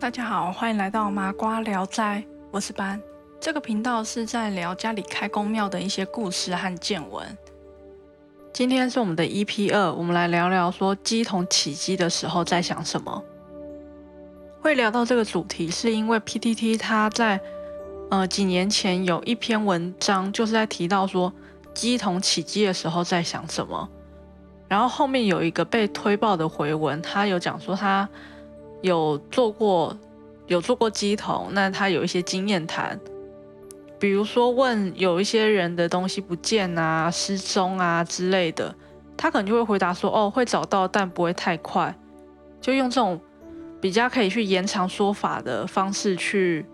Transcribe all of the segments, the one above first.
大家好，歡迎來到麻瓜聊齋，我是班。這個頻道是在聊家裡開宮廟的一些故事和見聞。今天是我們的 EP 二，我們來聊聊說乩童起乩的時候在想什麼。會聊到這個主題，是因為 PTT 他在呃幾年前有一篇文章，就是在提到說乩童起乩的時候在想什麼。然後後面有一個被推爆的回文，他有講說他。有做過，有做過乩童，那他有一些經驗談，比如說問有一些人的東西不見啊、失蹤啊之類的，他可能就會回答說：“哦，會找到，但不會太快。”就用這種比較可以去延長說法的方式去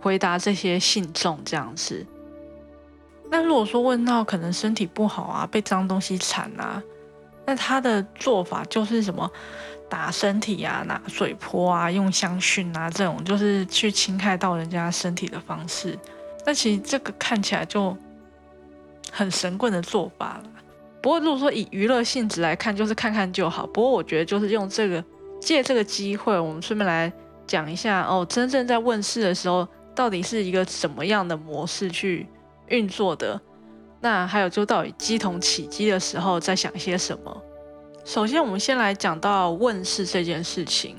回答這些信眾這樣子。那如果說問到可能身體不好啊、被髒東西纏啊，那他的做法就是什麼，打身體啊，拿水潑啊，用香薰啊，這種就是去侵害到人家身體的方式。那其實這個看起來就很神棍的做法啦。不過如果說以娛樂性質來看，就是看看就好。不過我覺得就是用這個借這個機會，我們順便來講一下哦，真正在問事的時候，到底是一個什麼樣的模式去運作的？那還有，就到底乩童起乩的時候在想些什麼？首先，我們先來講到問事這件事情。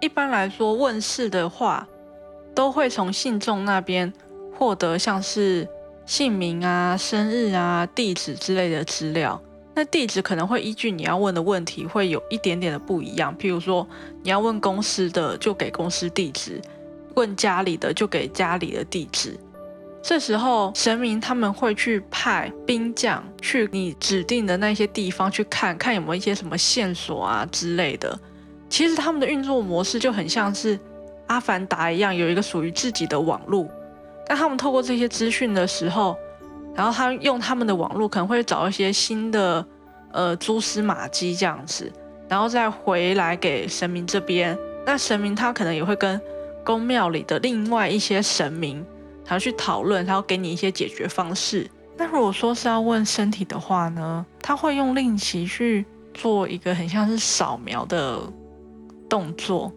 一般來說，問事的話，都會從信眾那邊獲得像是姓名啊、生日啊、地址之類的資料。那地址可能會依據你要問的問題，會有一點點的不一樣。譬如說，你要問公司的，就給公司地址；問家裡的，就給家裡的地址。這時候，神明他們會去派兵將去你指定的那些地方去看看，看有沒有一些什麼線索啊之類的。其實他們的運作模式就很像是阿凡達一樣，有一個屬於自己的網絡。那他們透過這些資訊的時候，然後他用他們的網絡可能會找一些新的呃蛛絲馬跡這樣子，然後再回來給神明這邊。那神明他可能也會跟宮廟裡的另外一些神明還要去討論，然後給你一些解決方式。那如果說是要問身體的話呢，他會用令旗去做一個很像是掃描的動作，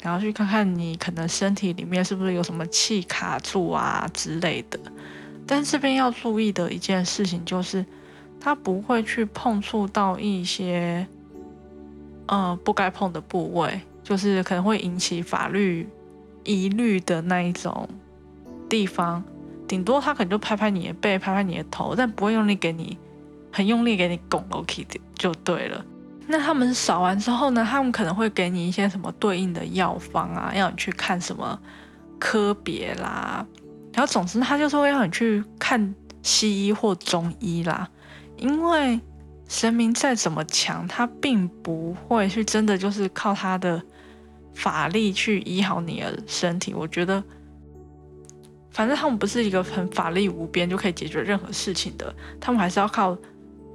然後去看看你可能身體裡面是不是有什麼氣卡住啊之類的。但這邊要注意的一件事情就是，他不會去碰觸到一些，嗯、呃，不該碰的部位，就是可能會引起法律疑慮的那一種。地方，頂多他可能就拍拍你的背，拍拍你的頭，但不會用力給你，很用力給你拱 OK 的就對了。那他們掃完之後呢？他們可能會給你一些什麼對應的藥方啊，要你去看什麼科別啦。然後總之，他就是會讓你去看西醫或中醫啦。因為神明再怎麼強，他並不會是真的就是靠他的法力去醫好你的身體。我覺得。反正他們不是一個很法力無邊就可以解決任何事情的，他們還是要靠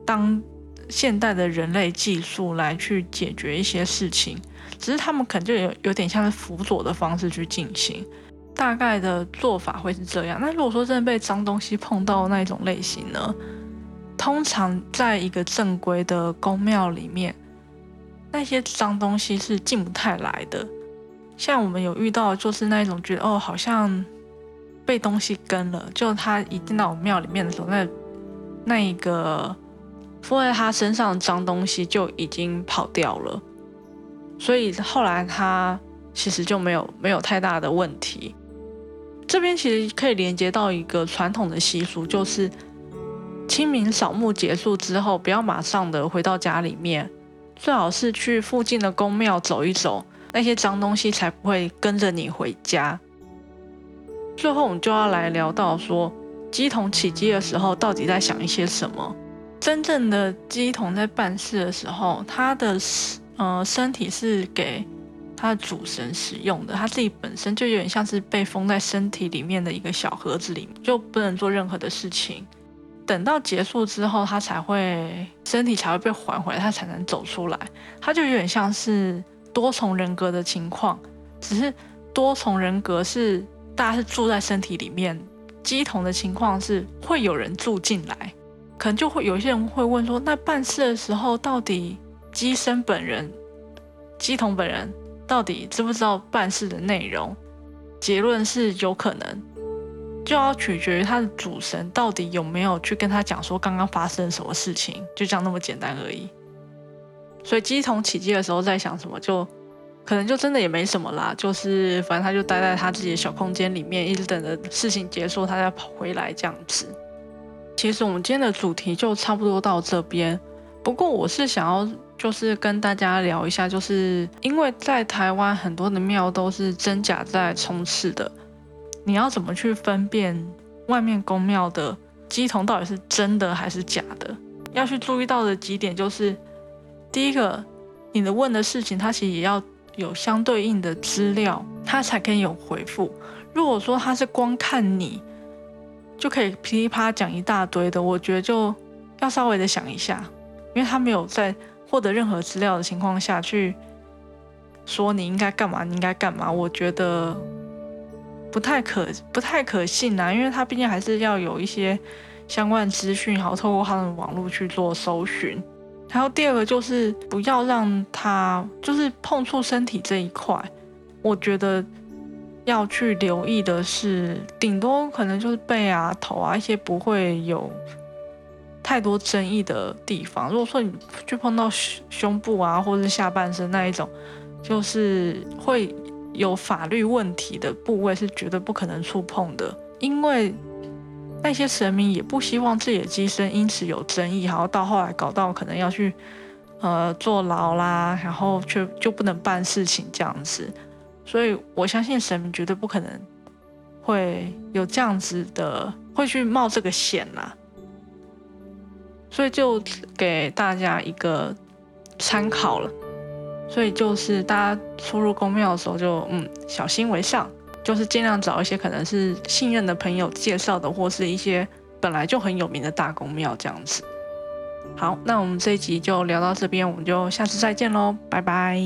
當現代的人類技術來去解決一些事情，只是他們可能就有有點像是輔佐的方式去進行，大概的做法會是這樣。那如果說真的被髒東西碰到的那一種類型呢？通常在一個正規的宮廟裡面，那些髒東西是進不太來的。像我們有遇到的就是那一種覺得哦，好像。被東西跟了，就他一進到廟裡面的時候，那那一個附在他身上的髒東西就已經跑掉了，所以後來他其實就沒有沒有太大的問題。這邊其實可以連接到一個傳統的習俗，就是清明掃墓結束之後，不要馬上的回到家裡面，最好是去附近的宮廟走一走，那些髒東西才不會跟着你回家。最後，我們就要來聊到說，乩童起乩的時候到底在想一些什麼？真正的乩童在辦事的時候，他的呃身體是給他的主神使用的，他自己本身就有點像是被封在身體裡面的一個小盒子裡面，就不能做任何的事情。等到結束之後，他才會身體才會被還回來，他才能走出來。他就有點像是多重人格的情況，只是多重人格是。大家是住在身體裡面，乩童的情況是會有人住進來，可能就會有些人會問說，那辦事的時候，到底乩身本人、乩童本人，到底知不知道辦事的內容？結論是有可能，就要取決於他的主神到底有沒有去跟他講說剛剛發生什麼事情，就這樣那麼簡單而已。所以乩童起乩的時候在想什麼就，可能就真的也沒什麼啦，就是反正他就待在他自己的小空間裡面，一直等着事情結束，他再跑回來這樣子。其實我們今天的主題就差不多到這邊，不過我是想要就是跟大家聊一下，就是因為在台灣很多的廟都是真假在充斥的，你要怎麼去分辨外面宮廟的乩童到底是真的還是假的？要去注意到的幾點就是，第一個，你的問的事情，他其實也要。有相對應的資料，他才可以有回覆。如果說他是光看你就可以噼里啪啦講一大堆的，我覺得就要稍微的想一下，因為他沒有在獲得任何資料的情況下去說你應該幹嘛，你應該幹嘛，我覺得不太可不太可信啊，因為他畢竟還是要有一些相關資訊，好透過他的網絡去做搜尋。還有第二個就是不要讓他就是碰觸身體這一塊，我覺得要去留意的是，頂多可能就是背啊、頭啊一些不會有太多爭議的地方。如果說你去碰到胸部啊，或是下半身那一種，就是會有法律問題的部位，是絕對不可能觸碰的，因為。那些神明也不希望自己的乩身因此有爭議，然後到後來搞到可能要去，呃，坐牢啦，然後卻就不能辦事情這樣子，所以我相信神明絕對不可能會有這樣子的，會去冒這個險啦、啊，所以就給大家一個參考了，所以就是大家出入宮廟的時候就嗯，小心為上。就是盡量找一些可能是信任的朋友介紹的，或是一些本來就很有名的大宮廟這樣子。好，那我們這一集就聊到這邊，我們就下次再見嘍，拜拜。